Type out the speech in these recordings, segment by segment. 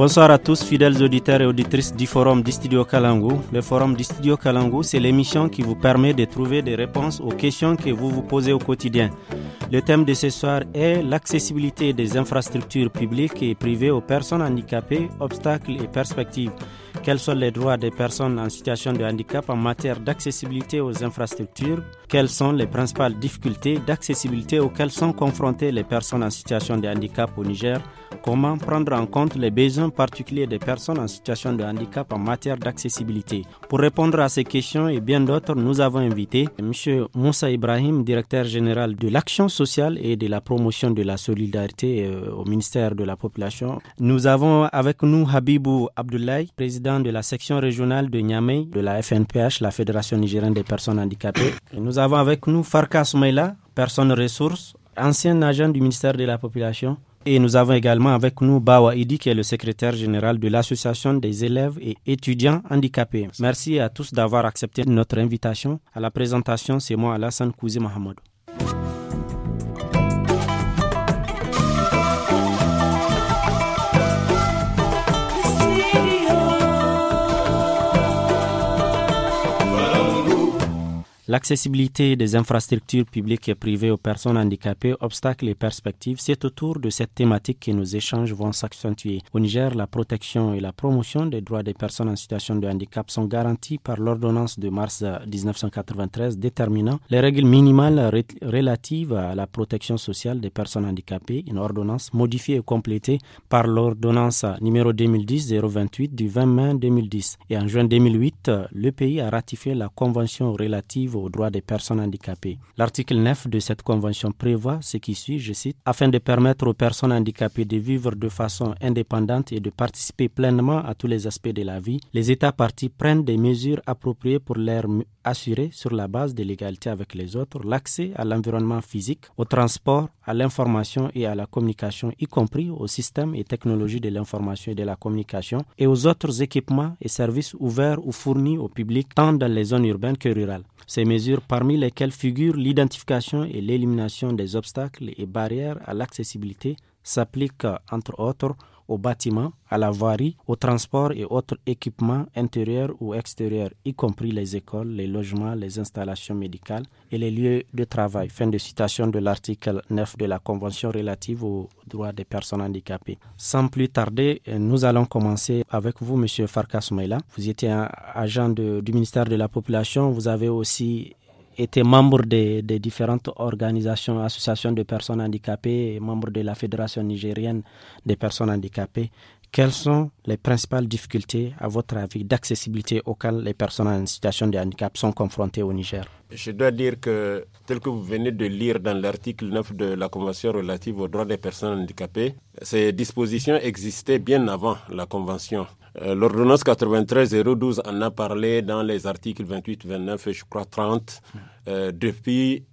Bonsoir à tous, fidèles auditeurs et auditrices du Forum du Studio Kalangou. Le Forum du Studio Kalangou, c'est l'émission qui vous permet de trouver des réponses aux questions que vous vous posez au quotidien. Le thème de ce soir est l'accessibilité des infrastructures publiques et privées aux personnes handicapées, obstacles et perspectives. Quels sont les droits des personnes en situation de handicap en matière d'accessibilité aux infrastructures Quelles sont les principales difficultés d'accessibilité auxquelles sont confrontées les personnes en situation de handicap au Niger Comment prendre en compte les besoins particuliers des personnes en situation de handicap en matière d'accessibilité Pour répondre à ces questions et bien d'autres, nous avons invité M. Moussa Ibrahim, directeur général de l'action sociale et de la promotion de la solidarité euh, au ministère de la Population. Nous avons avec nous Habibou Abdoulaye, président de la section régionale de Niamey de la FNPH, la Fédération nigérienne des personnes handicapées. nous avons avec nous Farkas Mela, personne ressource, ancien agent du ministère de la Population. Et nous avons également avec nous Bawa Idi, qui est le secrétaire général de l'Association des élèves et étudiants handicapés. Merci à tous d'avoir accepté notre invitation. À la présentation, c'est moi Alassane Kouzi Mahamadou. L'accessibilité des infrastructures publiques et privées aux personnes handicapées, obstacle les perspectives, c'est autour de cette thématique que nos échanges vont s'accentuer. Au Niger, la protection et la promotion des droits des personnes en situation de handicap sont garanties par l'ordonnance de mars 1993 déterminant les règles minimales relatives à la protection sociale des personnes handicapées, une ordonnance modifiée et complétée par l'ordonnance numéro 2010-028 du 20 mai 2010. Et en juin 2008, le pays a ratifié la convention relative aux droits des personnes handicapées. L'article 9 de cette convention prévoit ce qui suit, je cite, afin de permettre aux personnes handicapées de vivre de façon indépendante et de participer pleinement à tous les aspects de la vie, les États partis prennent des mesures appropriées pour leur assurer, sur la base de l'égalité avec les autres, l'accès à l'environnement physique, au transport, à l'information et à la communication, y compris aux systèmes et technologies de l'information et de la communication, et aux autres équipements et services ouverts ou fournis au public, tant dans les zones urbaines que rurales. Ces mesures parmi lesquelles figurent l'identification et l'élimination des obstacles et barrières à l'accessibilité s'appliquent, entre autres, aux bâtiments, à la voirie, aux transports et autres équipements intérieurs ou extérieurs, y compris les écoles, les logements, les installations médicales et les lieux de travail. Fin de citation de l'article 9 de la Convention relative aux droits des personnes handicapées. Sans plus tarder, nous allons commencer avec vous, Monsieur Farkas Maïla. Vous étiez un agent du ministère de la Population. Vous avez aussi était membre des, différentes organisations, associations de personnes handicapées et membre de la Fédération nigérienne des personnes handicapées. Quelles sont les principales difficultés, à votre avis, d'accessibilité auxquelles les personnes en situation de handicap sont confrontées au Niger Je dois dire que, tel que vous venez de lire dans l'article 9 de la Convention relative aux droits des personnes handicapées, ces dispositions existaient bien avant la Convention. Euh, l'ordonnance 93-012 en a parlé dans les articles 28, 29 et je crois 30 euh, depuis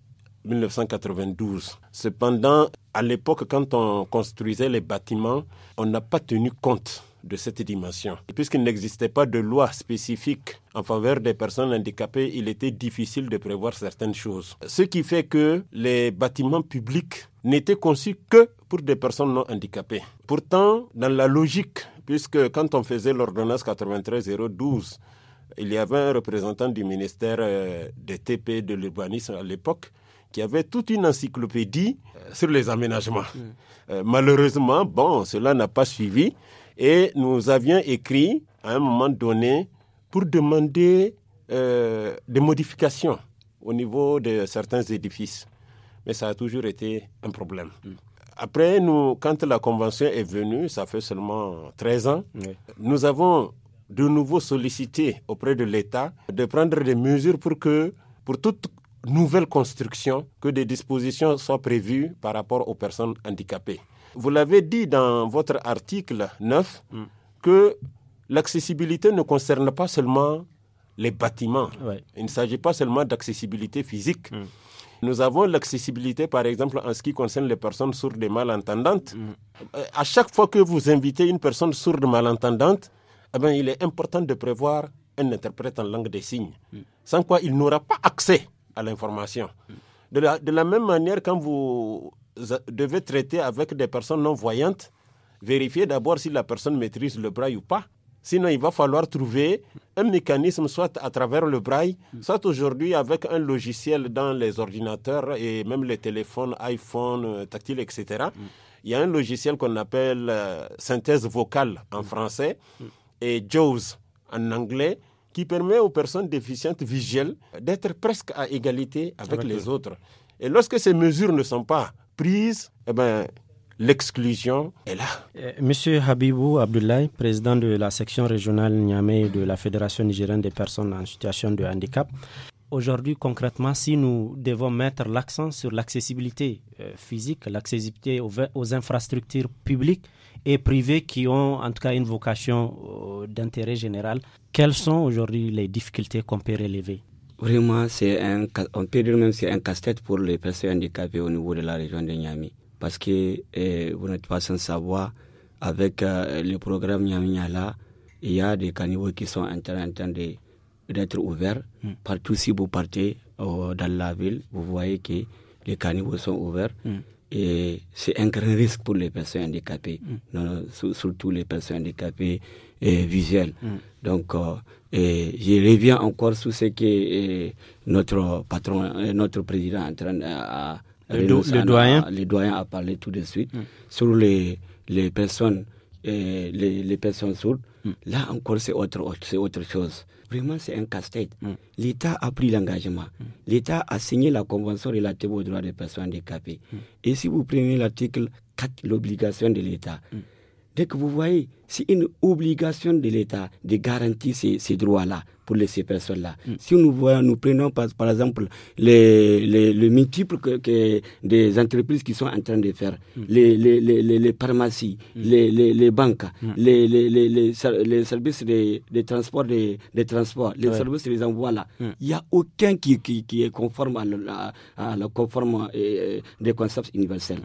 1992. Cependant, à l'époque, quand on construisait les bâtiments, on n'a pas tenu compte de cette dimension. Puisqu'il n'existait pas de loi spécifique en faveur des personnes handicapées, il était difficile de prévoir certaines choses. Ce qui fait que les bâtiments publics n'était conçu que pour des personnes non handicapées. Pourtant, dans la logique, puisque quand on faisait l'ordonnance 93-012, il y avait un représentant du ministère euh, des TP de l'urbanisme à l'époque qui avait toute une encyclopédie euh, sur les aménagements. Mm. Euh, malheureusement, bon, cela n'a pas suivi et nous avions écrit à un moment donné pour demander des modifications au niveau de certains édifices mais ça a toujours été un problème. Après, nous, quand la convention est venue, ça fait seulement 13 ans, nous avons de nouveau sollicité auprès de l'État de prendre des mesures pour que, pour toute nouvelle construction, que des dispositions soient prévues par rapport aux personnes handicapées. Vous l'avez dit dans votre article 9 mm. que l'accessibilité ne concerne pas seulement les bâtiments. Il ne s'agit pas seulement d'accessibilité physique. Mm. Nous avons l'accessibilité, par exemple, en ce qui concerne les personnes sourdes et malentendantes. Mm. Euh, à chaque fois que vous invitez une personne sourde malentendante, eh ben, il est important de prévoir un interprète en langue des signes, mm. sans quoi il n'aura pas accès à l'information. Mm. De, la, de la même manière, quand vous euh, devez traiter avec des personnes non voyantes, vérifiez d'abord si la personne maîtrise le braille ou pas Sinon, il va falloir trouver un mécanisme, soit à travers le braille, soit aujourd'hui avec un logiciel dans les ordinateurs et même les téléphones, iPhone, euh, tactile, etc. Il y a un logiciel qu'on appelle euh, synthèse vocale en français et JAWS en anglais qui permet aux personnes déficientes visuelles d'être presque à égalité avec, les autres. Et lorsque ces mesures ne sont pas prises, eh ben, l'exclusion est là. Euh, Monsieur Habibou Abdoulaye, président de la section régionale Niamey de la Fédération nigérienne des personnes en situation de handicap, aujourd'hui concrètement, si nous devons mettre l'accent sur l'accessibilité euh, physique, l'accessibilité aux, infrastructures publiques et privées qui ont en tout cas une vocation euh, d'intérêt général, quelles sont aujourd'hui les difficultés qu'on peut relever Vraiment, c'est un, on peut dire même c'est un casse-tête pour les personnes handicapées au niveau de la région de Niamey parce que eh, vous n'êtes pas sans savoir, avec euh, le programme Nyaminyala, il y a des caniveaux qui sont en train, d'être ouverts. Hmm. Partout, si vous partez oh, dans la ville, vous voyez que les caniveaux sont ouverts. Hmm. Et c'est un grand risque pour les personnes handicapées, hmm. surtout les personnes handicapées et eh, visuelles. Donc, euh, et je reviens encore sur ce que eh, notre patron, notre président est en train de euh, le, doyen. A, le doyen a parlé tout de suite mm. sur les, les personnes euh, les, personnes sourdes, mm. là encore c'est autre, autre, autre chose. Vraiment c'est un casse-tête. Mm. L'État a pris l'engagement. L'État a signé la convention relative aux droits des personnes handicapées. Et si vous prenez l'article 4, l'obligation de l'État, Dès que vous voyez, c'est une obligation de l'État de garantir ces, droits-là pour ces personnes-là. Mm. Si nous, voyons, prenons par, exemple les, les, multiples des entreprises qui sont en train de faire, mm. les, pharmacies, mm. les, banques, les, services de, transport, les services des envois là, il n'y a aucun qui, est conforme à, la, à euh, des concepts universels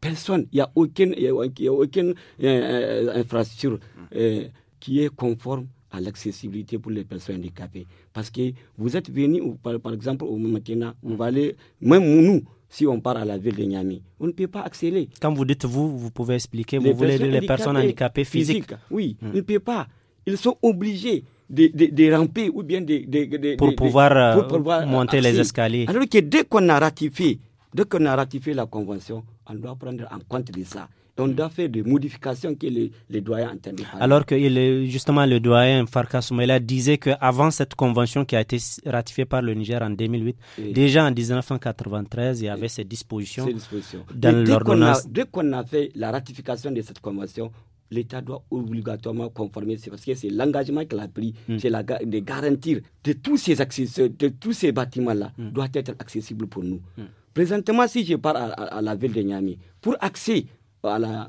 personne, il n'y a aucune, y y a aucune infrastructure qui est conforme à l'accessibilité pour les personnes handicapées. Parce que vous êtes venu, par, par, exemple, au Makena, on va mm. même nous, si on part à la ville de Niami, on ne peut pas accéder. Quand vous dites vous, vous pouvez expliquer, vous voulez dire les personnes handicapées physiques. oui, ils mm. on ne peut pas. Ils sont obligés de, de, ramper ou bien de... de pour, pouvoir, euh, pouvoir, monter les escaliers. Alors que dès qu'on a ratifié Dès qu'on a ratifié la convention, on doit prendre en compte de ça. on doit faire des modifications que les, les doyens de... Alors que justement le doyen Farkas Soumela disait qu'avant cette convention qui a été ratifiée par le Niger en 2008, déjà en 1993, il y avait ces dispositions, ces dispositions. dans l'ordonnance. Dès qu'on a fait la ratification de cette convention, l'État doit obligatoirement conformer. C'est parce que c'est l'engagement qu'il a pris, mm. c'est de garantir de tous ces accès, de tous ces bâtiments-là, doit mm. doivent être accessible pour nous. Mm. Présentement, si je pars à, la ville de Niami, pour accéder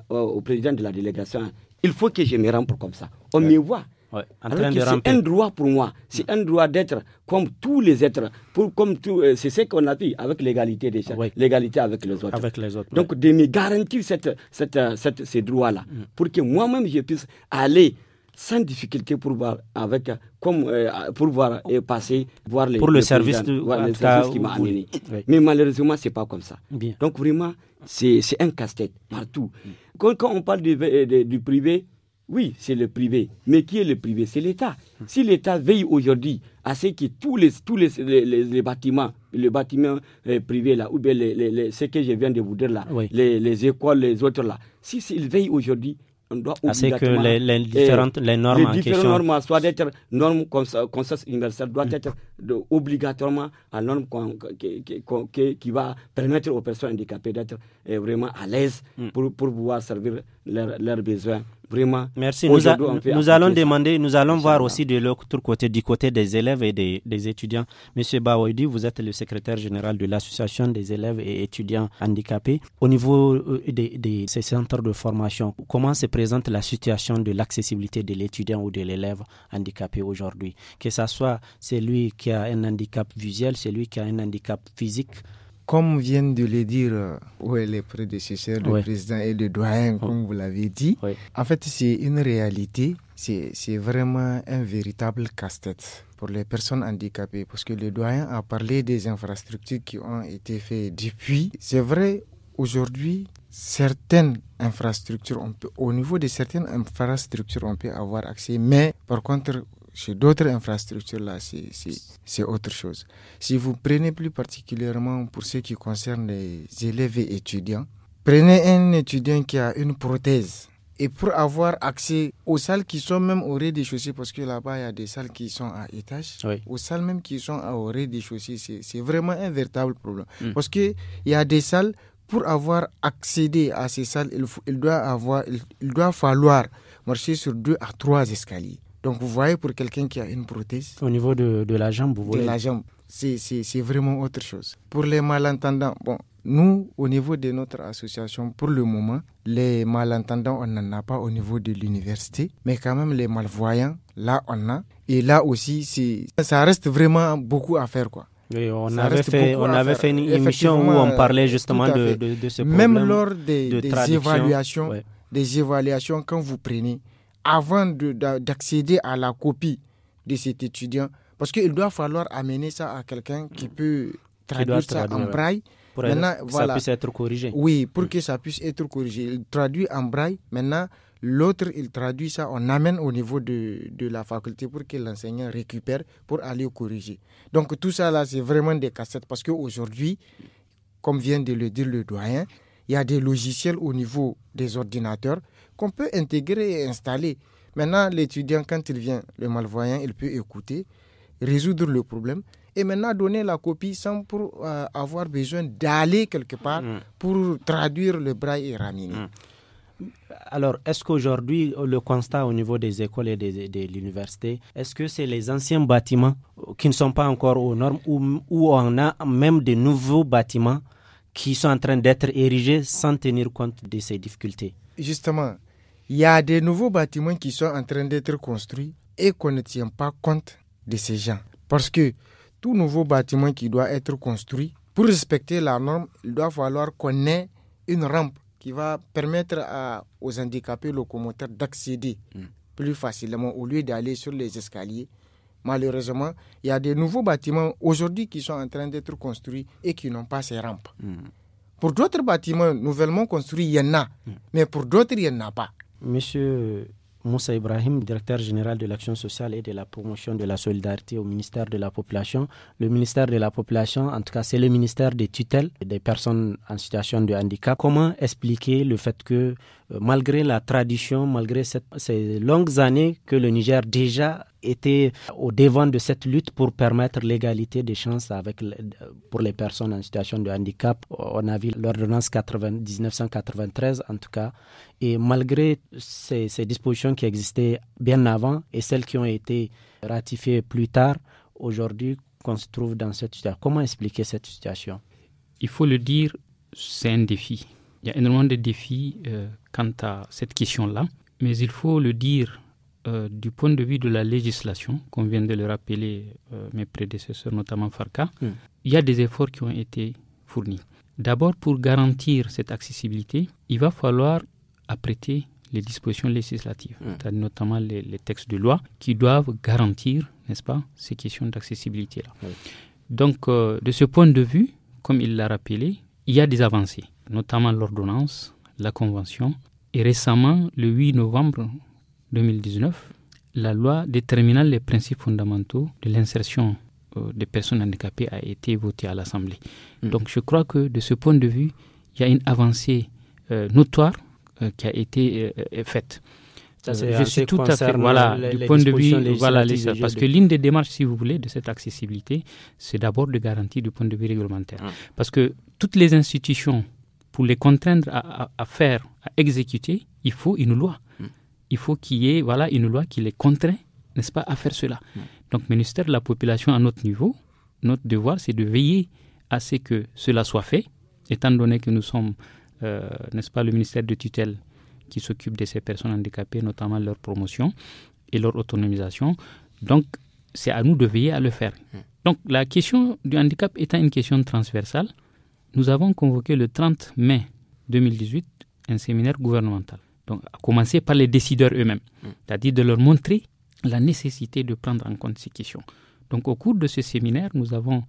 au président de la délégation, il faut que je me rende comme ça. On me voit c'est un droit pour moi, c'est mm. un droit d'être comme tous les êtres, pour, comme euh, c'est ce qu'on a dit avec l'égalité des l'égalité avec les autres. Avec les autres Donc de me garantir cette, cette, cette ces droits-là, mm. pour que moi-même je puisse aller sans difficulté pour voir avec comme euh, pour voir et passer voir les pour le service qui m'a amené mais malheureusement c'est pas comme ça donc vraiment c'est un casse-tête partout mm. quand, on parle du euh, privé oui, c'est le privé. Mais qui est le privé C'est l'État. Si l'État veille aujourd'hui à ce que tous les, tous les, les, bâtiments, les bâtiments euh, privés là, ou bien les, ce que je viens de vous dire là, les, écoles, les autres là, si s'il veille aujourd'hui, on doit À obligatoirement... que les, euh, différentes les normes les différentes normes soit d'être normes consensus universel doit être obligatoirement à norme qui, qui, va permettre aux personnes handicapées d'être euh, vraiment à l'aise mm. pour, pour pouvoir servir leurs besoins Merci. Nous, nous allons demander, nous allons voir aussi de l'autre côté, du côté des élèves et des, étudiants. Monsieur Baouidi, vous êtes le secrétaire général de l'association des élèves et étudiants handicapés. Au niveau de, euh, de ces centres de formation, comment se présente la situation de l'accessibilité de l'étudiant ou de l'élève handicapé aujourd'hui Que ce soit celui qui a un handicap visuel, celui qui a un handicap physique, comme viennent de le dire euh, les prédécesseurs, le président et le doyen, comme vous l'avez dit, en fait, c'est une réalité, c'est vraiment un véritable casse-tête pour les personnes handicapées, parce que le doyen a parlé des infrastructures qui ont été faites depuis. C'est vrai, aujourd'hui, certaines infrastructures, on peut, au niveau de certaines infrastructures, on peut avoir accès, mais par contre, chez d'autres infrastructures, là, c'est autre chose. Si vous prenez plus particulièrement pour ce qui concerne les élèves et étudiants, prenez un étudiant qui a une prothèse. Et pour avoir accès aux salles qui sont même au rez-de-chaussée, parce que là-bas, il y a des salles qui sont à étage, aux salles même qui sont au rez-de-chaussée, c'est vraiment un véritable problème. Mm. parce Parce qu'il y a des salles, pour avoir accédé à ces salles, il, il doit, avoir, il doit falloir marcher sur deux à trois escaliers. Donc vous voyez, pour quelqu'un qui a une prothèse. Au niveau de, de la jambe, vous voyez. De la jambe, c'est vraiment autre chose. Pour les malentendants, bon, nous, au niveau de notre association, pour le moment, les malentendants, on n'en a pas au niveau de l'université, mais quand même les malvoyants, là, on a. Et là aussi, ça reste vraiment beaucoup à faire, quoi. Oui, on avait, fait, on avait fait une émission où on parlait justement de, de, ce problème. Même lors de des des évaluations, quand vous prenez avant d'accéder à la copie de cet étudiant. Parce qu'il doit falloir amener ça à quelqu'un qui peut traduire ça en braille. Pour maintenant, que voilà. ça puisse être corrigé. Oui, pour que ça puisse être corrigé. Il traduit en braille. Maintenant, l'autre, il traduit ça, on amène au niveau de, de la faculté pour que l'enseignant récupère pour aller corriger. Donc tout ça, là, c'est vraiment des cassettes parce qu'aujourd'hui, comme vient de le dire le doyen, il y a des logiciels au niveau des ordinateurs qu'on peut intégrer et installer. Maintenant, l'étudiant, quand il vient, le malvoyant, il peut écouter, résoudre le problème et maintenant donner la copie sans euh, avoir besoin d'aller quelque part mm. pour traduire le braille et raminer. Mm. Alors, est-ce qu'aujourd'hui, le constat au niveau des écoles et de, l'université, est-ce que c'est les anciens bâtiments qui ne sont pas encore aux normes ou, on a même des nouveaux bâtiments qui sont en train d'être érigés sans tenir compte de ces difficultés Justement, il y a des nouveaux bâtiments qui sont en train d'être construits et qu'on ne tient pas compte de ces gens. Parce que tout nouveau bâtiment qui doit être construit, pour respecter la norme, il doit falloir qu'on ait une rampe qui va permettre aux handicapés locomoteurs d'accéder hmm. plus facilement au lieu d'aller sur les escaliers. Malheureusement, il y a des nouveaux bâtiments aujourd'hui qui sont en train d'être construits et qui n'ont pas ces rampes. Hmm. Pour d'autres bâtiments nouvellement construits, il y en a, hmm. mais pour d'autres, il n'y en a pas. Monsieur Moussa Ibrahim, directeur général de l'action sociale et de la promotion de la solidarité au ministère de la Population. Le ministère de la Population, en tout cas, c'est le ministère des tutelles des personnes en situation de handicap. Comment expliquer le fait que euh, malgré la tradition, malgré ces longues années que le Niger déjà était au devant de cette lutte pour permettre l'égalité des chances avec, euh, pour les personnes en situation de handicap. Euh, on a vu l'ordonnance 1993 en tout cas. Et malgré ces, ces dispositions qui existaient bien avant et celles qui ont été ratifiées plus tard, aujourd'hui qu'on se trouve dans cette situation. Comment expliquer cette situation Il faut le dire, c'est un défi. Il y a énormément de défis euh, quant à cette question-là, mais il faut le dire euh, du point de vue de la législation, qu'on vient de le rappeler euh, mes prédécesseurs, notamment Farca, mm. il y a des efforts qui ont été fournis. D'abord, pour garantir cette accessibilité, il va falloir apprêter les dispositions législatives, mm. notamment les, textes de loi, qui doivent garantir, n'est-ce pas, ces questions d'accessibilité-là. Donc, de ce point de vue, comme il l'a rappelé, il y a des avancées notamment l'ordonnance, la convention, et récemment, le 8 novembre 2019, la loi déterminant les principes fondamentaux de l'insertion euh, des personnes handicapées a été votée à l'Assemblée. Hmm. Donc je crois que de ce point de vue, il y a une avancée euh, notoire euh, qui a été faite. je suis tout à fait voilà du point de vue voilà parce que l'une des démarches si vous voulez de cette accessibilité c'est d'abord de garantir du point de vue réglementaire hmm. parce que toutes les institutions pour les contraindre à, faire, à exécuter, il faut une loi. Hmm. Il faut qu'il y ait voilà, une loi qui les contraint, n'est-ce pas, à faire cela. Hmm. Donc, ministère de la Population, à notre niveau, notre devoir, c'est de veiller à ce que cela soit fait, étant donné que nous sommes, euh, n'est-ce pas, le ministère de tutelle qui s'occupe de ces personnes handicapées, notamment leur promotion et leur autonomisation. Donc, c'est à nous de veiller à le faire. Hmm. Donc, la question du handicap étant une question transversale, nous avons convoqué le 30 mai 2018 un séminaire gouvernemental. Donc, à commencer par les décideurs eux-mêmes, mm. c'est-à-dire de leur montrer la nécessité de prendre en compte ces questions. Donc, au cours de ce séminaire, nous avons,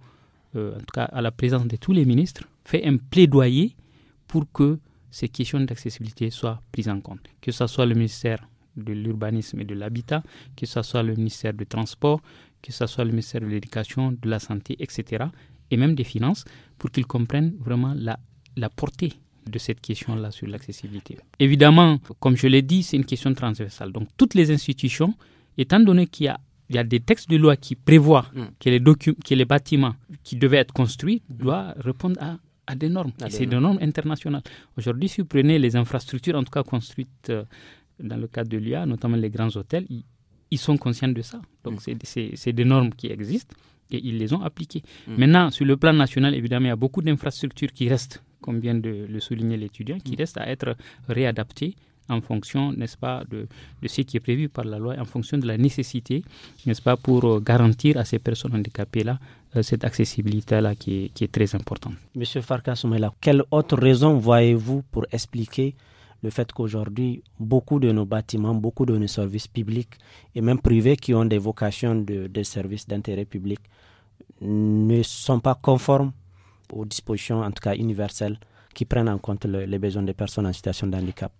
euh, en tout cas à la présence de tous les ministres, fait un plaidoyer pour que ces questions d'accessibilité soient prises en compte, que ce soit le ministère de l'urbanisme et de l'habitat, que ce soit le ministère du transport, que ce soit le ministère de l'éducation, de la santé, etc et même des finances pour qu'ils comprennent vraiment la, la portée de cette question-là sur l'accessibilité. Évidemment, comme je l'ai dit, c'est une question transversale. Donc toutes les institutions, étant donné qu'il y a il y a des textes de loi qui prévoient mm. que, les que les bâtiments qui devaient être construits mm. doivent répondre à, à des normes. et c'est des normes internationales. Aujourd'hui, si vous prenez les infrastructures, en tout cas construites euh, dans le cadre de l'IA, notamment les grands hôtels, ils, sont conscients de ça. Donc, mm. c'est des normes qui existent et ils les ont appliqués. Hmm. Maintenant, sur le plan national, évidemment, il y a beaucoup d'infrastructures qui restent, comme vient de le souligner l'étudiant, qui hmm. restent à être réadaptées en fonction, n'est-ce pas, de, ce qui est prévu par la loi, en fonction de la nécessité, n'est-ce pas, pour euh, garantir à ces personnes handicapées-là euh, cette accessibilité-là qui est, qui est, très importante. Monsieur Farkas quelle autre raison voyez-vous pour expliquer le fait qu'aujourd'hui, beaucoup de nos bâtiments, beaucoup de nos services publics et même privés qui ont des vocations de, services d'intérêt public ne sont pas conformes aux dispositions, en tout cas universelles, qui prennent en compte les besoins des personnes en situation de handicap.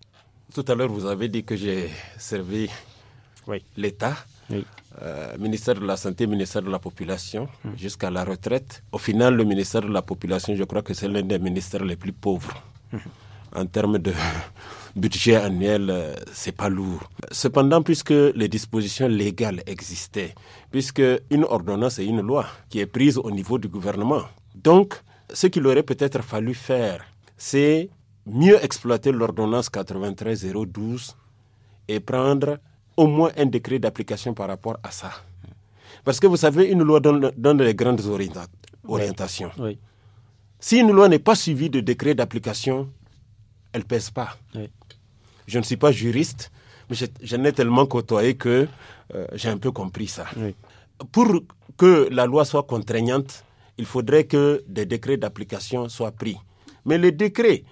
Tout à l'heure, vous avez dit que j'ai servi l'État, oui. Euh, ministère de la Santé, ministère de la Population, hum. jusqu'à la retraite. Au final, le ministère de la Population, je crois que c'est l'un des ministères les plus pauvres. Hum en termes de budget annuel, euh, c'est pas lourd. Cependant, puisque les dispositions légales existaient, puisque une ordonnance est une loi qui est prise au niveau du gouvernement. Donc, ce qu'il aurait peut-être fallu faire, c'est mieux exploiter l'ordonnance 93-012 et prendre au moins un décret d'application par rapport à ça. Parce que vous savez, une loi donne, les grandes orientations. Si une loi n'est pas suivie de décret d'application, elle pèse pas. Je ne suis pas juriste, mais je, n'ai tellement côtoyé que euh, j'ai un peu compris ça. Pour que la loi soit contraignante, il faudrait que des décrets d'application soient pris. Mais les décrets,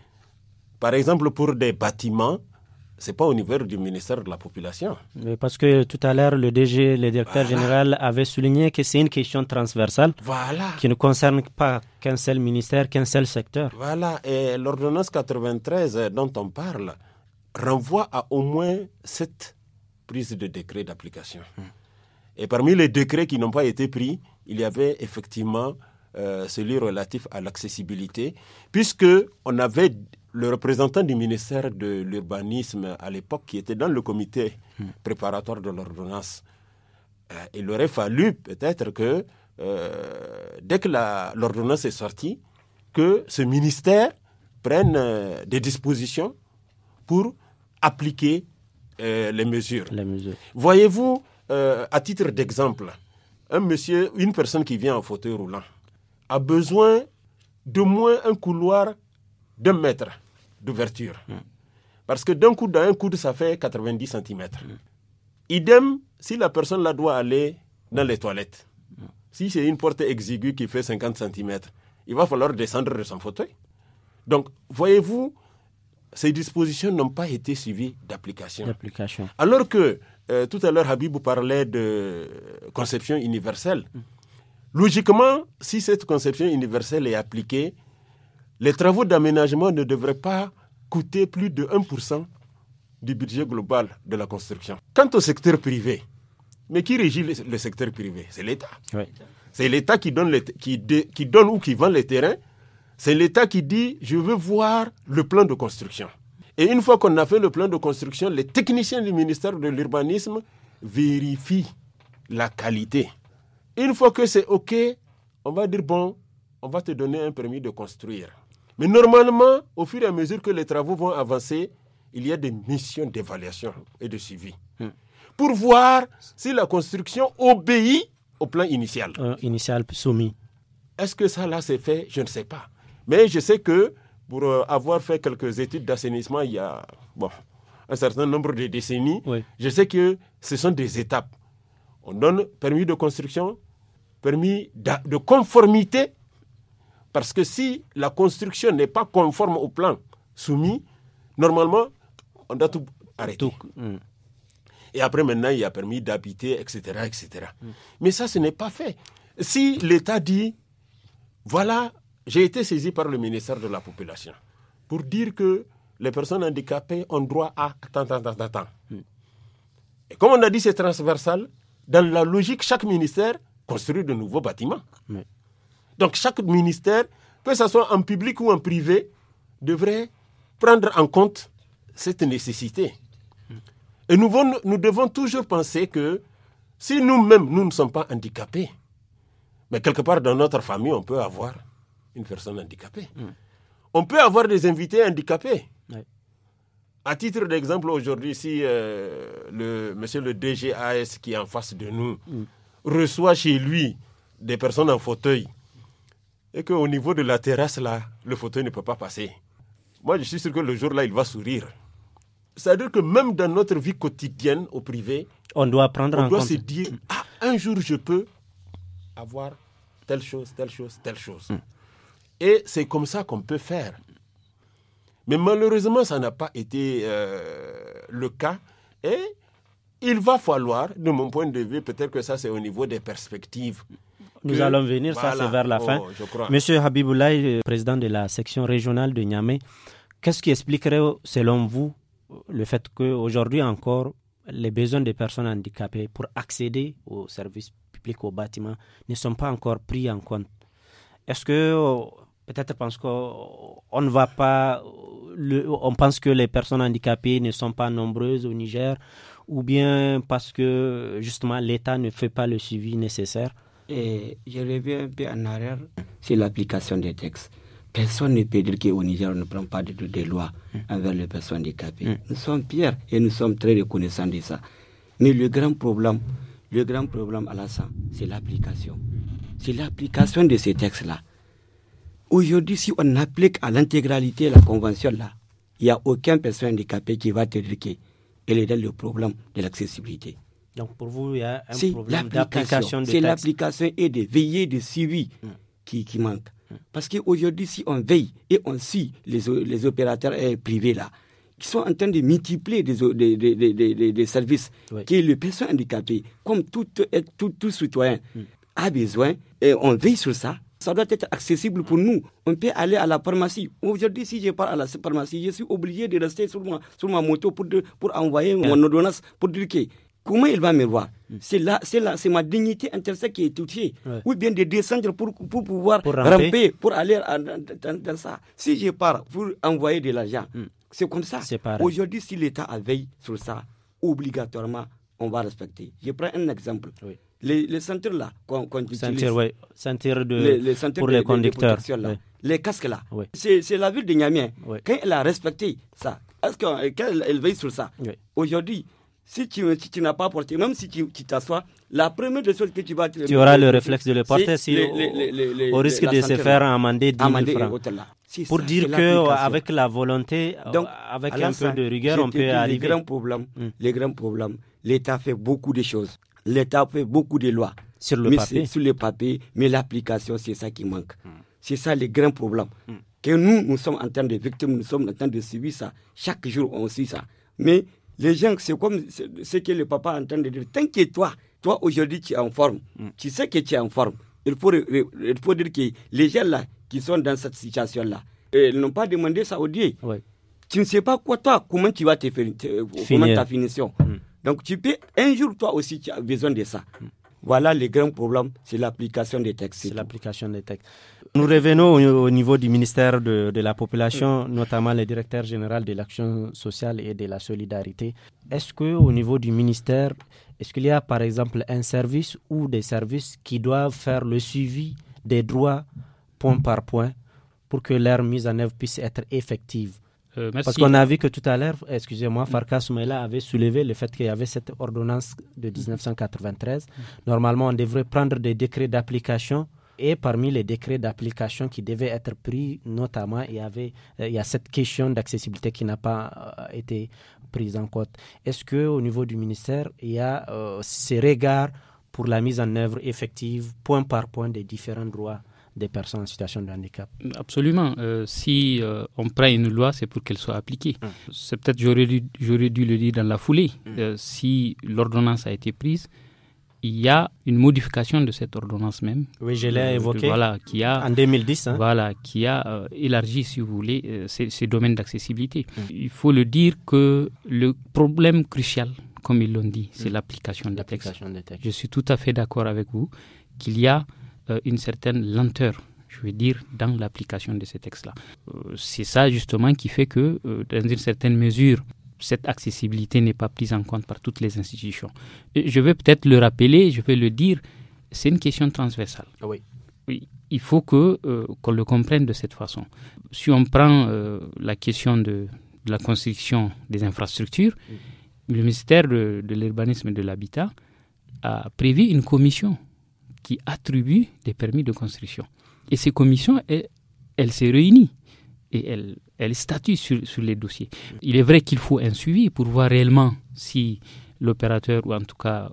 par exemple pour des bâtiments, n'est pas au niveau du ministère de la Population. Mais parce que tout à l'heure, le DG, le directeur général, avait souligné que c'est une question transversale qui ne concerne pas qu'un seul ministère, qu'un seul secteur. Voilà, et l'ordonnance 93 dont on parle renvoie à au moins sept prises de décrets d'application. Et parmi les décrets qui n'ont pas été pris, il y avait effectivement euh, celui relatif à l'accessibilité, puisque on avait le représentant du ministère de l'urbanisme à l'époque, qui était dans le comité hmm. préparatoire de l'ordonnance, euh, il aurait fallu peut-être que, euh, dès que l'ordonnance est sortie, que ce ministère prenne euh, des dispositions pour appliquer les mesures. mesures. Voyez-vous, à titre d'exemple, un monsieur, une personne qui vient en fauteuil roulant a besoin de moins un couloir 2 mètres d'ouverture. Mm. Parce que d'un coup dans un coude, ça fait 90 cm. Mm. Idem, si la personne la doit aller dans les toilettes, mm. si c'est une porte exiguë qui fait 50 cm, il va falloir descendre de son fauteuil. Donc, voyez-vous, ces dispositions n'ont pas été suivies d'application. Alors que euh, tout à l'heure, Habib parlait de conception universelle. Logiquement, si cette conception universelle est appliquée, les travaux d'aménagement ne devraient pas coûter plus de 1% du budget global de la construction. Quant au secteur privé, mais qui régit le, secteur privé C'est l'État. C'est l'État qui, donne les, qui, qui donne ou qui vend les terrains. C'est l'État qui dit, je veux voir le plan de construction. Et une fois qu'on a fait le plan de construction, les techniciens du ministère de l'Urbanisme vérifient la qualité. Une fois que c'est OK, on va dire, bon, on va te donner un permis de construire. Mais normalement, au fur et à mesure que les travaux vont avancer, il y a des missions d'évaluation et de suivi hmm. pour voir si la construction obéit au plan initial. initial soumis. Est-ce que ça là c'est fait Je ne sais pas. Mais je sais que pour euh, avoir fait quelques études d'assainissement il y a bon, un certain nombre de décennies, je sais que ce sont des étapes. On donne permis de construction, permis de conformité parce que si la construction n'est pas conforme au plan soumis, normalement, on doit tout arrêter. Mm. Et après, maintenant, il y a permis d'habiter, etc. etc. Mm. Mais ça, ce n'est pas fait. Si l'État dit, voilà, j'ai été saisi par le ministère de la Population pour dire que les personnes handicapées ont droit à tant, tant, tant, tant. Mm. Et comme on a dit, c'est transversal. Dans la logique, chaque ministère construit de nouveaux bâtiments. Donc chaque ministère, que ce soit en public ou en privé, devrait prendre en compte cette nécessité. Et nous, devons toujours penser que si nous-mêmes, nous ne sommes pas handicapés, mais quelque part dans notre famille, on peut avoir une personne handicapée. Hmm. On peut avoir des invités handicapés. À titre d'exemple, aujourd'hui, si euh, le monsieur le DGAS qui est en face de nous hmm. reçoit chez lui des personnes en fauteuil, et qu'au niveau de la terrasse, là, le fauteuil ne peut pas passer. Moi, je suis sûr que le jour-là, il va sourire. C'est-à-dire que même dans notre vie quotidienne au privé, on doit prendre on doit se dire ah, un jour, je peux avoir telle chose, telle chose, telle chose. Mm. Et c'est comme ça qu'on peut faire. Mais malheureusement, ça n'a pas été euh, le cas. Et il va falloir, de mon point de vue, peut-être que ça c'est au niveau des perspectives, nous allons venir, ça c'est vers la oh, fin. Monsieur Habiboulaye, euh, président de la section régionale de Niamey, qu'est-ce qui expliquerait selon vous le fait qu'aujourd'hui encore, les besoins des personnes handicapées pour accéder aux services publics, aux bâtiments, ne sont pas encore pris en compte Est-ce que euh, peut-être parce qu'on euh, ne va pas, on pense que les personnes handicapées ne sont pas nombreuses au Niger, ou bien parce que justement l'État ne fait pas le suivi nécessaire je reviens un peu en arrière sur l'application des textes. Personne ne peut dire qu'au Niger, on ne prend pas de, de lois mmh. envers les personnes handicapées. Mmh. Nous sommes fiers et nous sommes très reconnaissants de ça. Mais le grand problème, le grand problème à la c'est l'application. C'est l'application de ces textes-là. Aujourd'hui, si on applique à l'intégralité la convention-là, il n'y a aucun personne handicapée qui va te dire qu'elle est dans le problème de l'accessibilité. Donc pour vous, il y a un problème d'application. C'est l'application et de veiller, de suivi hmm. qui, manque. Parce qu'aujourd'hui, si on veille et on suit les, opérateurs euh, privés là, qui sont en train de multiplier des, des, services qui que les personnes handicapées, comme tout, euh, tout, tout citoyen, hmm. a besoin, et on veille sur ça, ça doit être accessible pour nous. On peut aller à la pharmacie. Aujourd'hui, si je pars à la pharmacie, je suis obligé de rester sur ma, sur ma moto pour, pour envoyer mon ordonnance pour dire que comment il va me voir mm. c'est ma dignité intrinsèque qui est touchée. Oui, Ou bien de descendre pour, pouvoir ramper. pour aller à, dans, ça. Si je pars pour envoyer de l'argent, mm. c'est comme ça. Aujourd'hui, si l'État veille sur ça, obligatoirement, on va respecter. Je prends un exemple. Les, centres là qu'on de, les, pour les conducteurs. Les casques là. C'est la ville de Niamien. Quand elle a respecté ça, est-ce qu'elle veille sur ça Aujourd'hui, si tu, n'as pas porté, même si tu t'assois, la première des choses que tu vas... Tu, auras le réflexe de le porter au risque de se faire amender 10 000 francs. Pour dire que avec la volonté, euh, Donc, avec un peu de rigueur, on peut arriver. Les grands problèmes, hmm. les grands problèmes, l'État fait beaucoup de choses. L'État fait beaucoup de lois. Sur le mais papier. Sur le papier, mais l'application, c'est ça qui manque. Hmm. C'est ça les grands problèmes. Hmm. Que nous, nous sommes en train de victimes, nous sommes en train de subir ça. Chaque jour, on suit ça. Mais les gens, c'est comme ce que le papa entend de dire. T'inquiète-toi, toi, toi aujourd'hui tu es en forme. Mm. Tu sais que tu es en forme. Il faut, il dire que les gens là qui sont dans cette situation-là, euh, ils n'ont pas demandé ça au Dieu. Tu ne sais pas quoi toi, comment tu vas te faire, comment ta finition. Mm. Donc tu peux, un jour toi aussi tu as besoin de ça. Mm. Voilà le grand problème, c'est l'application des textes. C'est l'application des textes. Nous revenons au, niveau du ministère de, la Population, mm. notamment le directeur général de l'action sociale et de la solidarité. Est-ce qu'au niveau du ministère, est-ce qu'il y a par exemple un service ou des services qui doivent faire le suivi des droits point par point pour que leur mise en œuvre puisse être effective euh, Parce qu'on a vu que tout à l'heure, excusez-moi, Farkas Soumaïla avait soulevé le fait qu'il y avait cette ordonnance de 1993. Mm-hmm. Normalement, on devrait prendre des décrets d'application. Et parmi les décrets d'application qui devaient être pris, notamment, il y, avait, euh, il y a cette question d'accessibilité qui n'a pas euh, été prise en compte. Est-ce qu'au niveau du ministère, il y a ces regards pour la mise en œuvre effective, point par point, des différents droits des personnes en situation de handicap. Absolument. Euh, si euh, on prend une loi, c'est pour qu'elle soit appliquée. Hum. C'est peut-être, j'aurais dû, dû, le dire dans la foulée, hum. euh, si l'ordonnance a été prise, il y a une modification de cette ordonnance même. Oui, je l'ai évoqué. Voilà, qui a, en 2010. Hein. Voilà, qui a élargi, si vous voulez, ces, domaines d'accessibilité. Hum. Il faut le dire que le problème crucial, comme ils l'ont dit, c'est l'application des, des textes. Je suis tout à fait d'accord avec vous qu'il y a euh, une certaine lenteur je veux dire, dans l'application de ces textes-là. Euh, c'est ça justement qui fait que, euh, dans une certaine mesure, cette accessibilité n'est pas prise en compte par toutes les institutions. je vais peut-être le rappeler, je vais le dire, c'est une question transversale. Ah oui. Il faut que qu'on le comprenne de cette façon. Si on prend la question de, la construction des infrastructures, mm. le ministère de l'urbanisme et de l'habitat a prévu une commission qui attribuent des permis de construction. Et ces commissions, elles, se réunissent et elles, elles statuent sur, les dossiers. Il est vrai qu'il faut un suivi pour voir réellement si l'opérateur, ou en tout cas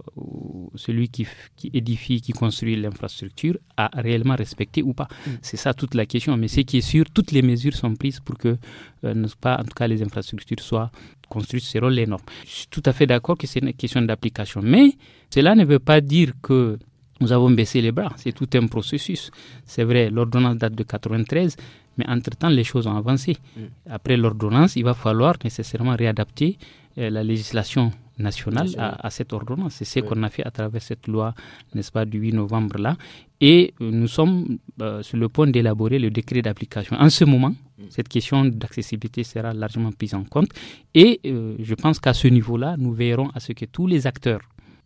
celui qui, édifie, qui construit l'infrastructure, a réellement respecté ou pas. Mm. C'est ça toute la question. Mais ce qui est sûr, toutes les mesures sont prises pour que, euh, pas, en tout cas, les infrastructures soient construites selon les normes. Je suis tout à fait d'accord que c'est une question d'application. Mais cela ne veut pas dire que nous avons baissé les bras. C'est tout un processus. C'est vrai, l'ordonnance date de 93, mais entre-temps, les choses ont avancé. Mm. Après l'ordonnance, il va falloir nécessairement réadapter euh, la législation nationale à, cette ordonnance. C'est ce qu'on a fait à travers cette loi, n'est-ce pas, du 8 novembre-là. Et euh, nous sommes euh, sur le point d'élaborer le décret d'application. En ce moment, mm. cette question d'accessibilité sera largement prise en compte. Et je pense qu'à ce niveau-là, nous veillerons à ce que tous les acteurs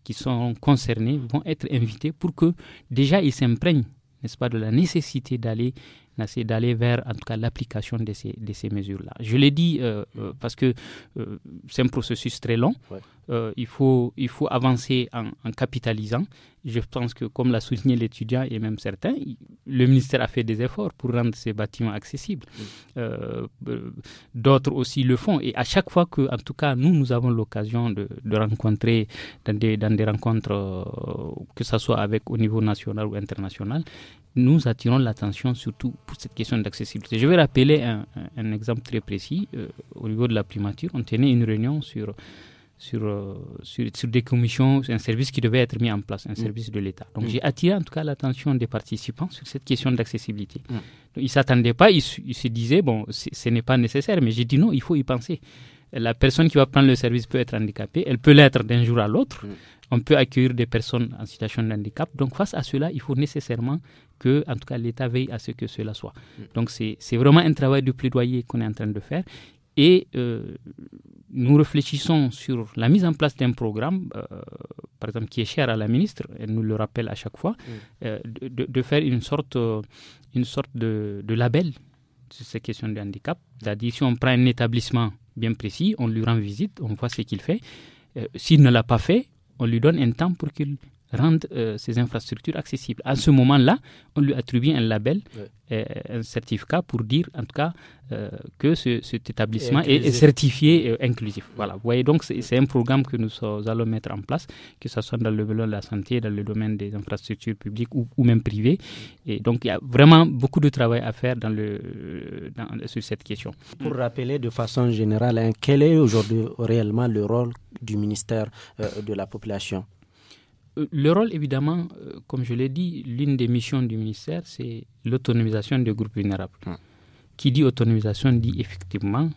qui sont concernés vont être invités pour que déjà ils s'imprègnent, n'est-ce pas, de la nécessité d'aller c'est d'aller vers en tout cas l'application de ces, de ces mesures-là. Je l'ai dit euh, euh, parce que euh, c'est un processus très long. il, faut, il faut avancer en, capitalisant. Je pense que, comme l'a souligné l'étudiant et même certains, le ministère a fait des efforts pour rendre ces bâtiments accessibles. D'autres aussi le font. Et à chaque fois que, en tout cas, nous, nous avons l'occasion de, de, rencontrer dans des, dans des rencontres, que ce soit avec au niveau national ou international, nous attirons l'attention surtout pour cette question d'accessibilité. Je vais rappeler un, exemple très précis. Euh, au niveau de la primature, on tenait une réunion sur, euh, sur, sur, des commissions, un service qui devait être mis en place, un mm. service de l'État. Donc mm. j'ai attiré en tout cas l'attention des participants sur cette question d'accessibilité. Mm. Ils ne s'attendaient pas, ils, se disaient, bon, ce n'est pas nécessaire, mais j'ai dit non, il faut y penser la personne qui va prendre le service peut être handicapée, elle peut l'être d'un jour à l'autre. Mm. On peut accueillir des personnes en situation de handicap. Donc face à cela, il faut nécessairement que, en tout cas, l'État veille à ce que cela soit. Mm. Donc c'est vraiment un travail de plaidoyer qu'on est en train de faire. Et euh, nous réfléchissons sur la mise en place d'un programme, euh, par exemple, qui est cher à la ministre, elle nous le rappelle à chaque fois, mm. euh, de, de, faire une sorte, une sorte de, de label sur ces questions de handicap. C'est-à-dire, si on prend un établissement bien précis, on lui rend visite, on voit ce qu'il fait. Euh, s'il ne l'a pas fait, on lui donne un temps pour qu'il rendre euh, ces infrastructures accessibles. À ce moment-là, on lui attribue un label, euh, un certificat pour dire en tout cas euh, que cet établissement est, certifié inclusif. Voilà, vous voyez, donc c'est un programme que nous allons mettre en place, que ce soit dans le domaine de la santé, dans le domaine des infrastructures publiques ou, même privées. Et donc il y a vraiment beaucoup de travail à faire dans le, sur cette question. Pour rappeler de façon générale, hein, quel est aujourd'hui réellement le rôle du ministère de la Population euh, le rôle, évidemment, euh, comme je l'ai dit, l'une des missions du ministère, c'est l'autonomisation des groupes vulnérables. Hum. Qui dit autonomisation dit effectivement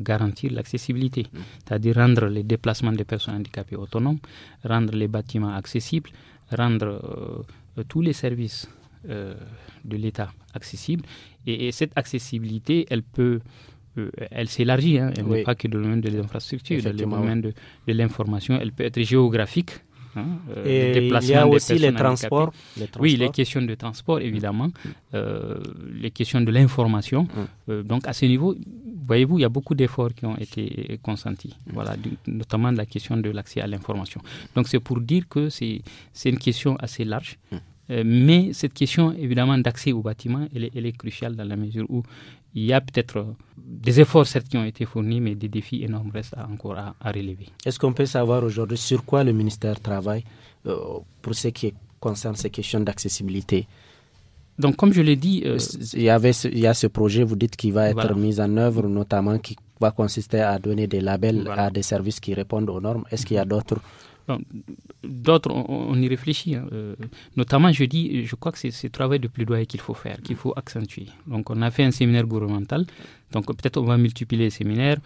garantir l'accessibilité, hum. c'est-à-dire rendre les déplacements des personnes handicapées autonomes, rendre les bâtiments accessibles, rendre euh, tous les services de l'État accessibles. Et, cette accessibilité, elle peut elle s'élargit, hein. elle n'est pas que dans le domaine de l'infrastructure, dans le domaine de l'information, elle peut être géographique, Hein, euh, et il y a aussi les transports, Oui, les questions de transport, mmh. évidemment, mmh. Euh, les questions de l'information. Mmh. Euh, donc, à ce niveau, voyez-vous, il y a beaucoup d'efforts qui ont été consentis, voilà, notamment la question de l'accès à l'information. Donc, c'est pour dire que c'est une question assez large. mais cette question, évidemment, d'accès au bâtiment, elle est, elle est, cruciale dans la mesure où il y a peut-être des efforts certes qui ont été fournis, mais des défis énormes restent encore à, relever. Est-ce qu'on peut savoir aujourd'hui sur quoi le ministère travaille euh, pour ce qui concerne ces questions d'accessibilité donc, comme je l'ai dit, euh, il, y a ce projet, vous dites, qui va être mis en œuvre, notamment qui va consister à donner des labels à des services qui répondent aux normes. Est-ce qu'il y a d'autres D'autres, on, y réfléchit. Hein. Euh, notamment, je dis, je crois que c'est ce travail de plus plaidoyer qu'il faut faire, qu'il faut accentuer. Donc, on a fait un séminaire gouvernemental. Donc, peut-être on va multiplier les séminaires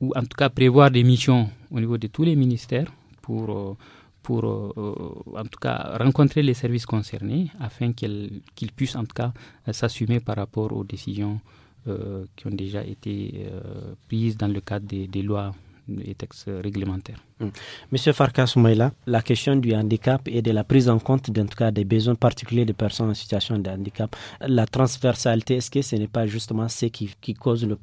ou en tout cas prévoir des missions au niveau de tous les ministères pour, euh, pour euh, en tout cas rencontrer les services concernés afin qu'ils puissent en tout cas s'assumer par rapport aux décisions qui ont déjà été prises dans le cadre des lois et textes réglementaires. Hmm. Monsieur Farkas Soumaïla, la question du handicap et de la prise en compte, en tout cas, des besoins particuliers des personnes en situation de handicap, la transversalité, est-ce que ce n'est pas justement ce qui, qui cause le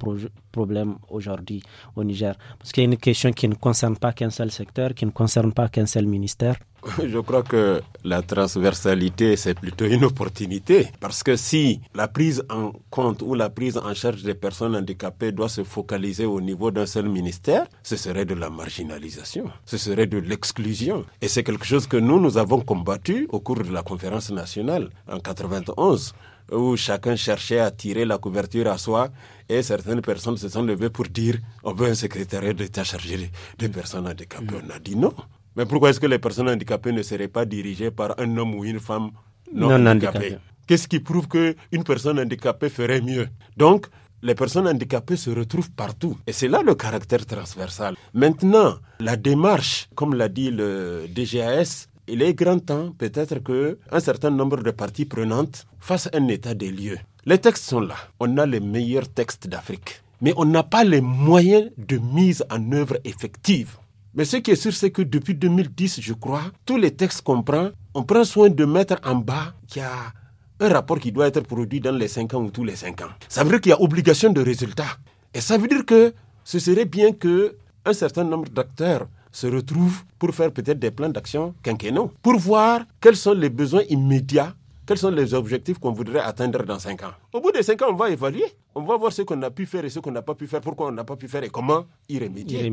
problème aujourd'hui au Niger Parce qu'il y a une question qui ne concerne pas qu'un seul secteur, qui ne concerne pas qu'un seul ministère. Je crois que la transversalité, c'est plutôt une opportunité. Parce que si la prise en compte ou la prise en charge des personnes handicapées doit se focaliser au niveau d'un seul ministère, ce serait de la marginalisation, ce serait de l'exclusion. Et c'est quelque chose que nous, nous avons combattu au cours de la conférence nationale en 91 où chacun cherchait à tirer la couverture à soi et certaines personnes se sont levées pour dire on veut un secrétariat d'État chargé des personnes handicapées. On a dit non, mais pourquoi est-ce que les personnes handicapées ne seraient pas dirigées par un homme ou une femme non, handicapé Qu'est-ce qui prouve qu'une personne handicapée ferait mieux Donc, les personnes handicapées se retrouvent partout. Et c'est là le caractère transversal. Maintenant, la démarche, comme l'a dit le DGAS, il est grand temps peut-être qu'un certain nombre de parties prenantes fassent un état des lieux. Les textes sont là. On a les meilleurs textes d'Afrique. Mais on n'a pas les moyens de mise en œuvre effective. Mais ce qui est sûr, c'est que depuis 2010, je crois, tous les textes qu'on prend, on prend soin de mettre en bas qu'il y a un rapport qui doit être produit dans les 5 ans ou tous les 5 ans. Ça veut dire qu'il y a obligation de résultat. Et ça veut dire que ce serait bien que un certain nombre d'acteurs se retrouvent pour faire peut-être des plans d'action quinquennaux, pour voir quels sont les besoins immédiats quels sont les objectifs qu'on voudrait atteindre dans 5 ans. Au bout de 5 ans, on va évaluer, on va voir ce qu'on a pu faire et ce qu'on n'a pas pu faire, pourquoi on n'a pas pu faire et comment y remédier.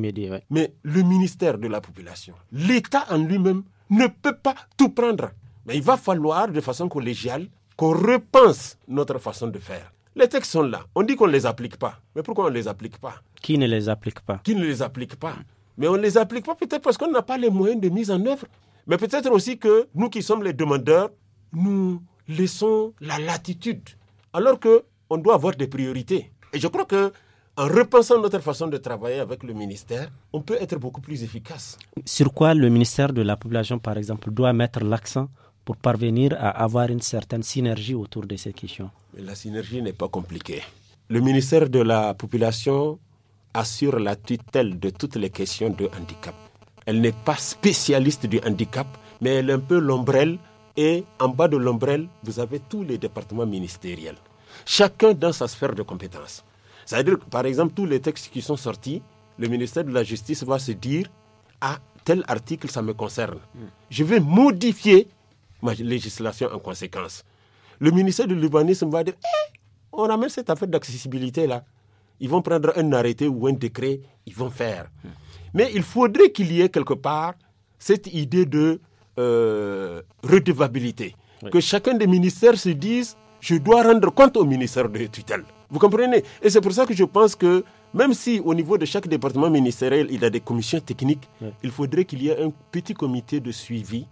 Mais le ministère de la Population, l'État en lui-même ne peut pas tout prendre. Mais il va falloir de façon collégiale qu'on repense notre façon de faire. Les textes sont là. On dit qu'on ne les applique pas. Mais pourquoi on ne les applique pas Qui ne les applique pas Qui ne les applique pas Mais on ne les applique pas peut-être parce qu'on n'a pas les moyens de mise en œuvre. Mais peut-être aussi que nous qui sommes les demandeurs, nous laissons la latitude, alors qu'on doit avoir des priorités. Et je crois que en repensant notre façon de travailler avec le ministère, on peut être beaucoup plus efficace. Sur quoi le ministère de la Population, par exemple, doit mettre l'accent pour parvenir à avoir une certaine synergie autour de ces questions La synergie n'est pas compliquée. Le ministère de la Population assure la tutelle de toutes les questions de handicap. Elle n'est pas spécialiste du handicap, mais elle est un peu l'ombrelle et en bas de l'ombrelle, vous avez tous les départements ministériels, chacun dans sa sphère de compétence. C'est-à-dire que, par exemple, tous les textes qui sont sortis, le ministère de la Justice va se dire Ah, tel article, ça me concerne. Hmm. Je vais modifier ma législation en conséquence. Le ministère de l'Urbanisme va dire eh, On ramène cette affaire d'accessibilité-là. Ils vont prendre un arrêté ou un décret, ils vont faire. Hmm. Mais il faudrait qu'il y ait quelque part cette idée de euh, redevabilité. Que chacun des ministères se dise je dois rendre compte au ministère de tutelle. Vous comprenez Et c'est pour ça que je pense que même si au niveau de chaque département ministériel, il y a des commissions techniques, il faudrait qu'il y ait un petit comité de suivi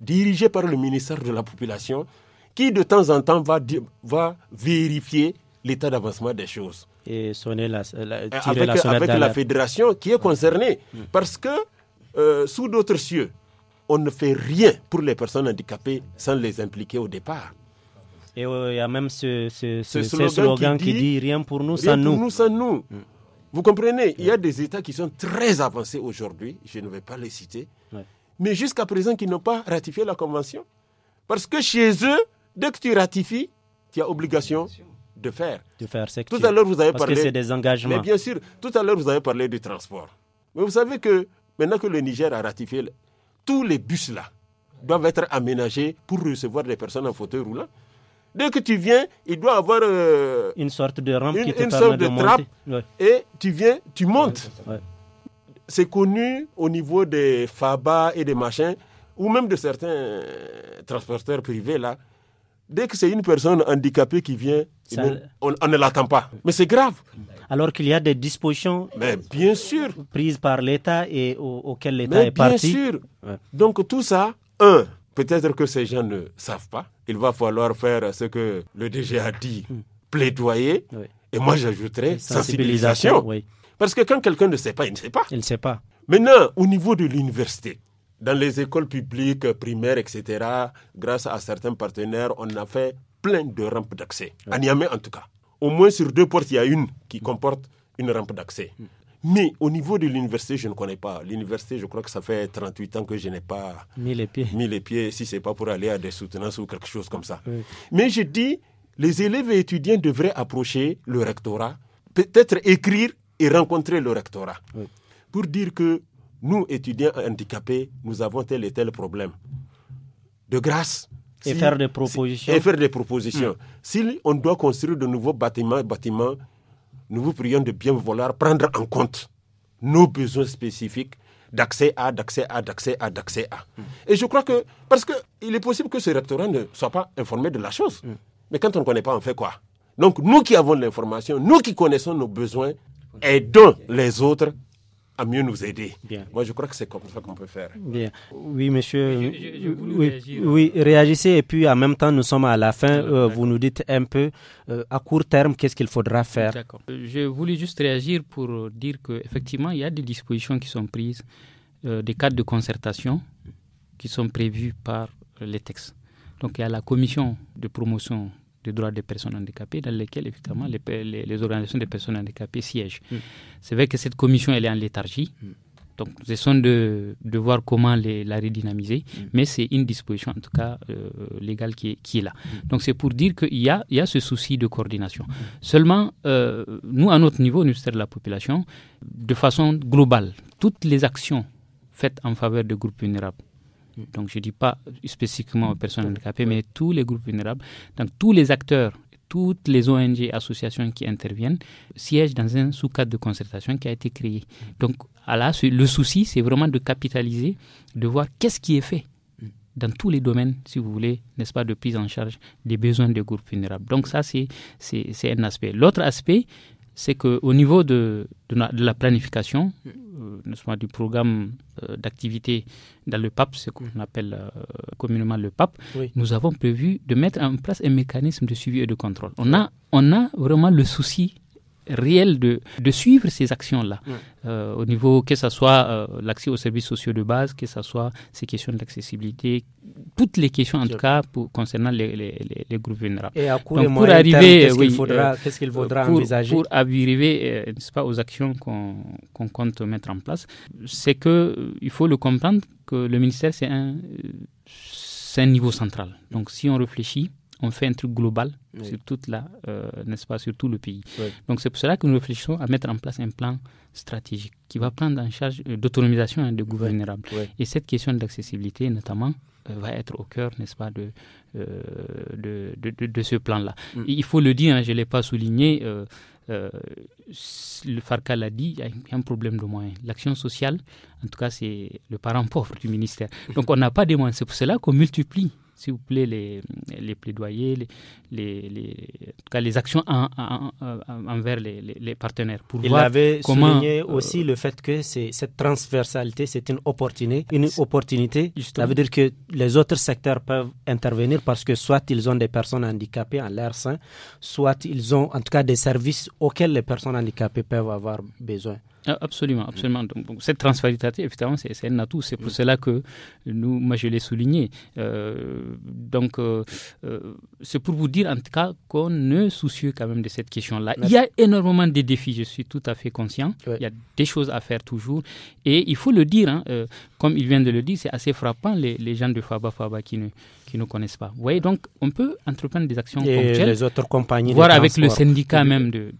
dirigé par le ministère de la Population qui de temps en temps va, va vérifier l'état d'avancement des choses. Et sonner la, la euh, avec, la, la fédération qui est concernée. Parce que euh, sous d'autres cieux, on ne fait rien pour les personnes handicapées sans les impliquer au départ. Et euh, il y a même ce, ce, slogan, qui, dit, rien pour nous sans nous. nous, sans nous. Mm. Vous comprenez, il y a des États qui sont très avancés aujourd'hui, je ne vais pas les citer, mais jusqu'à présent qui n'ont pas ratifié la Convention. Parce que chez eux, dès que tu ratifies, tu as obligation de faire. De faire Tout à l'heure, vous avez parlé. Parce que c'est des engagements. Mais bien sûr, tout à l'heure, vous avez parlé du transport. Mais vous savez que maintenant que le Niger a ratifié tous les bus-là doivent être aménagés pour recevoir des personnes en fauteuil roulant. Dès que tu viens, il doit avoir euh, une sorte de rampe qui de, trappe et tu viens, tu montes. C'est connu au niveau des FABA et des machins ou même de certains transporteurs privés là. Dès que c'est une personne handicapée qui vient, on ne l'attend pas. Mais c'est grave alors qu'il y a des dispositions bien sûr. prises par l'État et auxquelles l'État est parti. Bien sûr. Donc tout ça, un, peut-être que ces gens ne savent pas. Il va falloir faire ce que le DG a dit, hmm. plaidoyer. Et moi, j'ajouterais sensibilisation. oui. Parce que quand quelqu'un ne sait pas, il ne sait pas. Il ne sait pas. Maintenant, au niveau de l'université, dans les écoles publiques, primaires, etc., grâce à certains partenaires, on a fait plein de rampes d'accès, à Niamey en tout cas au moins sur deux portes, il y a une qui comporte une rampe d'accès. Mais au niveau de l'université, je ne connais pas. L'université, je crois que ça fait 38 ans que je n'ai pas mis les pieds. Mis les pieds, si ce n'est pas pour aller à des soutenances ou quelque chose comme ça. Mais je dis, les élèves et étudiants devraient approcher le rectorat, peut-être écrire et rencontrer le rectorat. Pour dire que nous, étudiants handicapés, nous avons tel et tel problème. De grâce, et faire des propositions. Si, et faire des propositions. Si on doit construire de nouveaux bâtiments, bâtiments, nous vous prions de bien vouloir prendre en compte nos besoins spécifiques d'accès à, d'accès à, d'accès à, d'accès à. Mm. Et je crois que, parce qu'il est possible que ce rectorat ne soit pas informé de la chose. Mm. Mais quand on ne connaît pas, on fait quoi Donc nous qui avons l'information, nous qui connaissons nos besoins, aidons les autres à mieux nous aider. Moi, je crois que c'est comme ça qu'on peut faire. Bien. Oui, monsieur. oui, hein. oui, réagissez. Et puis, en même temps, nous sommes à la fin. Euh, vous nous dites un peu, euh, à court terme, qu'est-ce qu'il faudra faire. Je voulais juste réagir pour dire qu'effectivement, il y a des dispositions qui sont prises, euh, des cadres de concertation qui sont prévus par les textes. Donc, il y a la commission de promotion des droits des personnes handicapées dans lesquelles effectivement les, les, organisations des personnes handicapées siègent. Mm. C'est vrai que cette commission elle est en léthargie. Mm. Donc, nous sont de, de voir comment les, la redynamiser, mm. mais c'est une disposition, en tout cas, euh, légale qui est, qui est là. Donc, c'est pour dire qu'il y a, il y a ce souci de coordination. Seulement, euh, nous, à notre niveau, au ministère de la Population, de façon globale, toutes les actions faites en faveur de groupes vulnérables, donc je ne dis pas spécifiquement aux personnes handicapées, mais tous les groupes vulnérables, donc tous les acteurs, toutes les ONG, associations qui interviennent, siègent dans un sous-cadre de concertation qui a été créé. Mm. Donc là, le souci, c'est vraiment de capitaliser, de voir qu'est-ce qui est fait mm. dans tous les domaines, si vous voulez, n'est-ce pas, de prise en charge des besoins des groupes vulnérables. Donc ça, c'est un aspect. L'autre aspect, c'est qu'au niveau de, de, la, planification, mm. euh, du programme euh, d'activité dans le PAP, ce qu'on mm. appelle euh, communément le PAP, nous avons prévu de mettre en place un mécanisme de suivi et de contrôle. On a, on a vraiment le souci réel de, de suivre ces actions-là, euh, au niveau que ce soit euh, l'accès aux services sociaux de base, que ce soit ces questions d'accessibilité, toutes les questions en tout cas pour, concernant les, les, groupes vulnérables. Et à Donc, pour arriver, euh, qu'est-ce qu'il envisager Pour arriver, pas, aux actions qu'on compte mettre en place, c'est que il faut le comprendre que le ministère c'est un, un niveau central. Donc si on réfléchit on fait un truc global sur toute la, euh, n'est-ce pas, tout le pays. Donc c'est pour cela que nous réfléchissons à mettre en place un plan stratégique qui va prendre en charge euh, d'autonomisation hein, de gouvernables. Et cette question d'accessibilité, notamment, euh, va être au cœur, n'est-ce pas, de, de, ce plan-là. Mm. Il faut le dire, hein, je ne l'ai pas souligné, le Farca l'a dit, il y a un problème de moyens. L'action sociale, en tout cas, c'est le parent pauvre du ministère. Donc on n'a pas de moyens. C'est pour cela qu'on multiplie s'il vous plaît, les, les plaidoyers, les, les, les actions en, en, envers les, partenaires. Pour Il voir avait comment, souligné euh, aussi le fait que cette transversalité, c'est une opportunité. Une opportunité. Ça veut dire que les autres secteurs peuvent intervenir parce que soit ils ont des personnes handicapées en l'air sein, soit ils ont en tout cas des services auxquels les personnes handicapées peuvent avoir besoin. Ah, absolument, absolument. Mm. Donc, cette transférabilité, évidemment, c'est un atout. C'est pour mm. cela que nous, moi, je l'ai souligné. Euh, donc, euh, euh, c'est pour vous dire, en tout cas, qu'on est soucieux quand même de cette question-là. Il y a énormément de défis, je suis tout à fait conscient. Il y a des choses à faire toujours. Et il faut le dire, hein, comme il vient de le dire, c'est assez frappant les, gens de Faba Faba qui ne, qui connaissent pas. Vous voyez, donc on peut entreprendre des actions Et les autres compagnies voire avec le syndicat même de,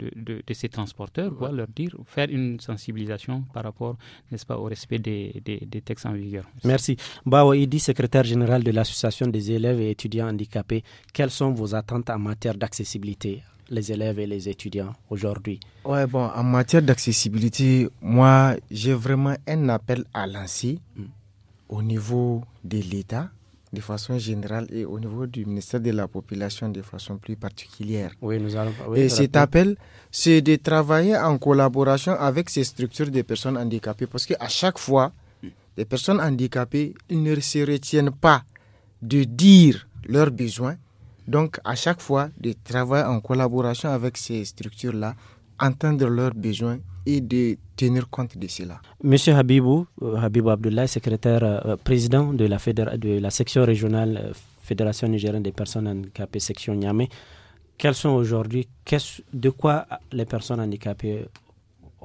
ces transporteurs, leur dire, faire une sensibilisation par rapport, n'est-ce pas, au respect des, textes en vigueur. Merci. Bao secrétaire général de l'Association des élèves et étudiants handicapés, quelles sont vos attentes en matière d'accessibilité les élèves et les étudiants aujourd'hui Ouais, bon, en matière d'accessibilité, moi, j'ai vraiment un appel à lancer hmm. au niveau de l'État, de façon générale, et au niveau du ministère de la Population, de façon plus particulière. Oui, nous allons. et cet appel, c'est de travailler en collaboration avec ces structures des personnes handicapées, parce qu'à chaque fois, les hmm. personnes handicapées ils ne se retiennent pas de dire leurs besoins donc, à chaque fois, de travailler en collaboration avec ces structures-là, entendre leurs besoins et de tenir compte de cela. Monsieur Habibou, euh, Habibou Abdoulaye, secrétaire euh, président de la, de la, section régionale euh, Fédération nigérienne des personnes handicapées, section Niamey, quels sont aujourd'hui, de quoi les personnes handicapées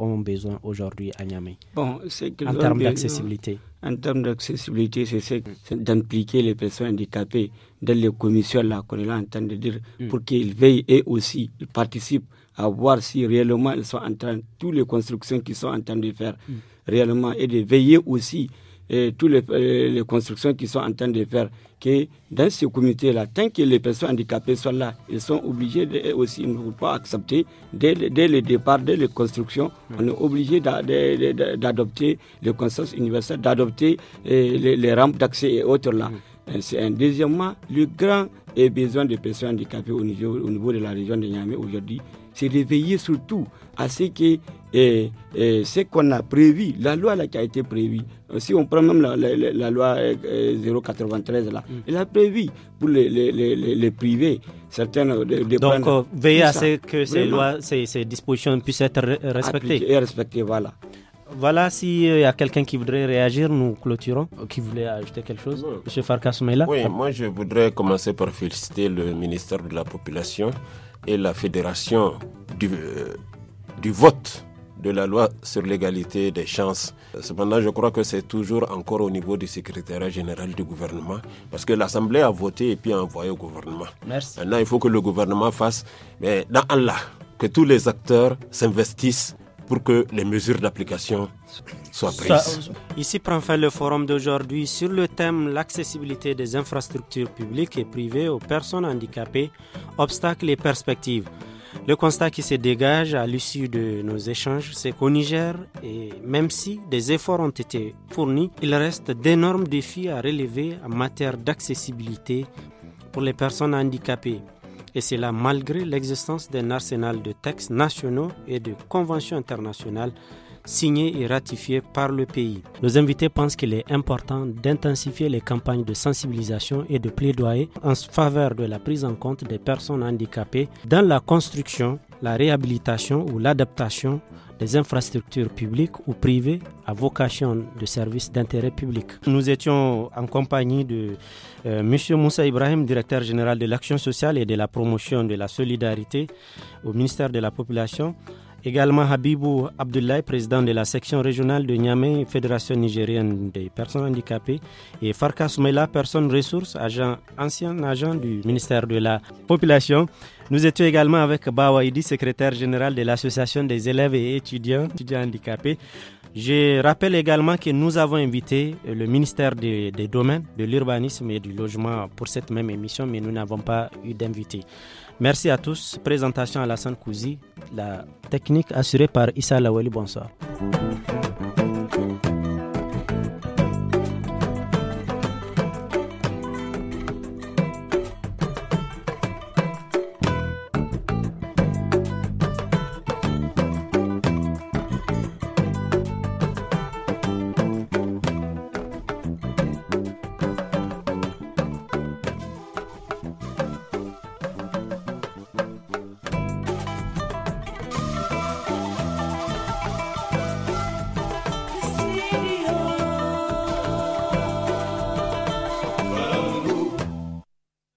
ont besoin aujourd'hui à Niamey bon, En termes d'accessibilité En termes d'accessibilité, c'est d'impliquer les personnes handicapées dans les commissions là qu'on est en train de dire mm. pour qu'ils veillent et aussi participent à voir si réellement ils sont en train, toutes les constructions qu'ils sont en train de faire mm. réellement et de veiller aussi et toutes euh, les, constructions qui sont en train de faire, que dans ce comité-là, tant que les personnes handicapées sont là, ils sont obligés de, aussi, ils ne peuvent pas accepter, dès, le départ, dès les constructions, on est obligé d'adopter le consensus universel, d'adopter euh, les, rampes d'accès et autres là. Ben, c'est un deuxièmement, le grand besoin des personnes handicapées au niveau, au niveau de la région de Niamey aujourd'hui, c'est de veiller surtout à ce que et, c'est ce qu'on a prévu, la loi là qui a été prévue, euh, si on prend même la, loi 093 euh, là, mm. elle a prévu pour les, les, les, privés certaines euh, des Donc veillez à ce que ces lois, ces, dispositions puissent être respectées. Et respectées, voilà. Voilà, s'il y a quelqu'un qui voudrait réagir, nous clôturons. Qui voulait ajouter quelque chose Monsieur Farkas Oui, moi je voudrais commencer par féliciter le ministère de la Population et la Fédération du, du vote de la loi sur l'égalité des chances. Cependant, je crois que c'est toujours encore au niveau du secrétariat général du gouvernement, parce que l'Assemblée a voté et puis a envoyé au gouvernement. Maintenant, il faut que le gouvernement fasse, mais dans Allah, que tous les acteurs s'investissent pour que les mesures d'application soient prises. Ici prend fin le forum d'aujourd'hui sur le thème l'accessibilité des infrastructures publiques et privées aux personnes handicapées, obstacles et perspectives. Le constat qui se dégage à l'issue de nos échanges, c'est qu'au Niger, et même si des efforts ont été fournis, il reste d'énormes défis à relever en matière d'accessibilité pour les personnes handicapées. Et cela malgré l'existence d'un arsenal de textes nationaux et de conventions internationales signé et ratifié par le pays. Nos invités pensent qu'il est important d'intensifier les campagnes de sensibilisation et de plaidoyer en faveur de la prise en compte des personnes handicapées dans la construction, la réhabilitation ou l'adaptation des infrastructures publiques ou privées à vocation de services d'intérêt public. Nous étions en compagnie de euh, M. Moussa Ibrahim, directeur général de l'action sociale et de la promotion de la solidarité au ministère de la Population. Également Habibou Abdoulaye, président de la section régionale de Niamey, Fédération nigérienne des personnes handicapées, et Farkas Mela, personne ressource, agent, ancien agent du ministère de la Population. Nous étions également avec Bawaidi, secrétaire général de l'Association des élèves et étudiants, étudiants handicapés. Je rappelle également que nous avons invité le ministère des, des Domaines, de l'Urbanisme et du Logement pour cette même émission, mais nous n'avons pas eu d'invité. Merci à tous. Présentation à la Kouzi. La technique assurée par Issa Laweli. Bonsoir.